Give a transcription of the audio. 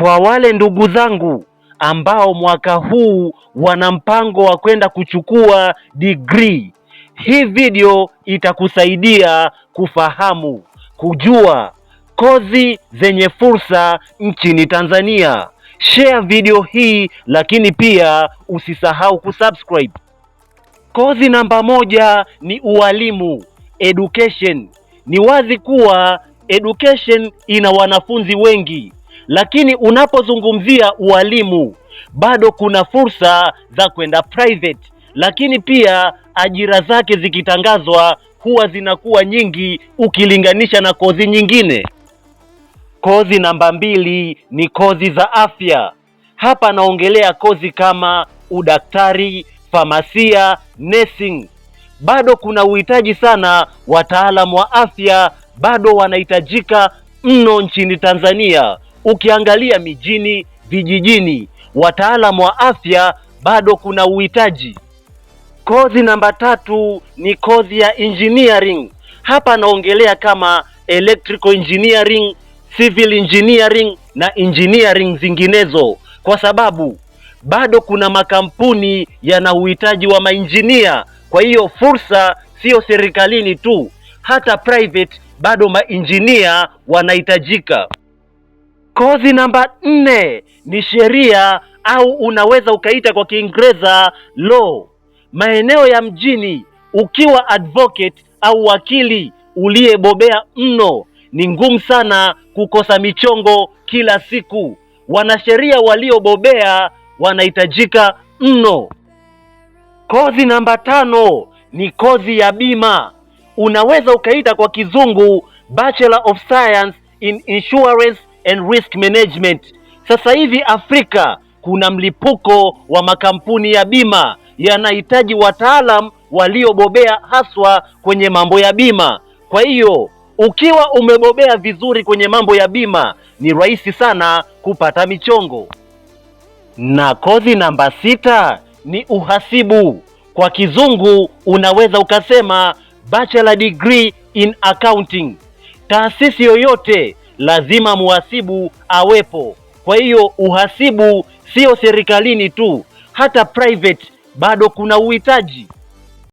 kwa wale ndugu zangu ambao mwaka huu wana mpango wa kwenda kuchukua degree, hii video itakusaidia kufahamu, kujua kozi zenye fursa nchini Tanzania. Share video hii, lakini pia usisahau kusubscribe. Kozi namba moja ni ualimu, education. Ni wazi kuwa education ina wanafunzi wengi lakini unapozungumzia ualimu bado kuna fursa za kwenda private, lakini pia ajira zake zikitangazwa huwa zinakuwa nyingi ukilinganisha na kozi nyingine. Kozi namba mbili ni kozi za afya. Hapa naongelea kozi kama udaktari, famasia, nursing. Bado kuna uhitaji sana, wataalamu wa afya bado wanahitajika mno nchini Tanzania. Ukiangalia mijini, vijijini, wataalam wa afya bado kuna uhitaji. Kozi namba tatu ni kozi ya engineering. Hapa naongelea kama electrical engineering, civil engineering na engineering zinginezo, kwa sababu bado kuna makampuni yana uhitaji wa mainjinia. Kwa hiyo fursa siyo serikalini tu, hata private bado mainjinia wanahitajika. Kozi namba nne ni sheria au unaweza ukaita kwa Kiingereza law. Maeneo ya mjini, ukiwa advocate au wakili uliyebobea mno, ni ngumu sana kukosa michongo kila siku. Wanasheria waliobobea wanahitajika mno. Kozi namba tano ni kozi ya bima, unaweza ukaita kwa kizungu Bachelor of Science in Insurance and risk management. Sasa hivi Afrika kuna mlipuko wa makampuni ya bima, yanahitaji wataalam waliobobea haswa kwenye mambo ya bima. Kwa hiyo ukiwa umebobea vizuri kwenye mambo ya bima, ni rahisi sana kupata michongo. Na kozi namba sita ni uhasibu. Kwa kizungu unaweza ukasema bachelor degree in accounting. Taasisi yoyote lazima muhasibu awepo. Kwa hiyo uhasibu sio serikalini tu, hata private bado kuna uhitaji.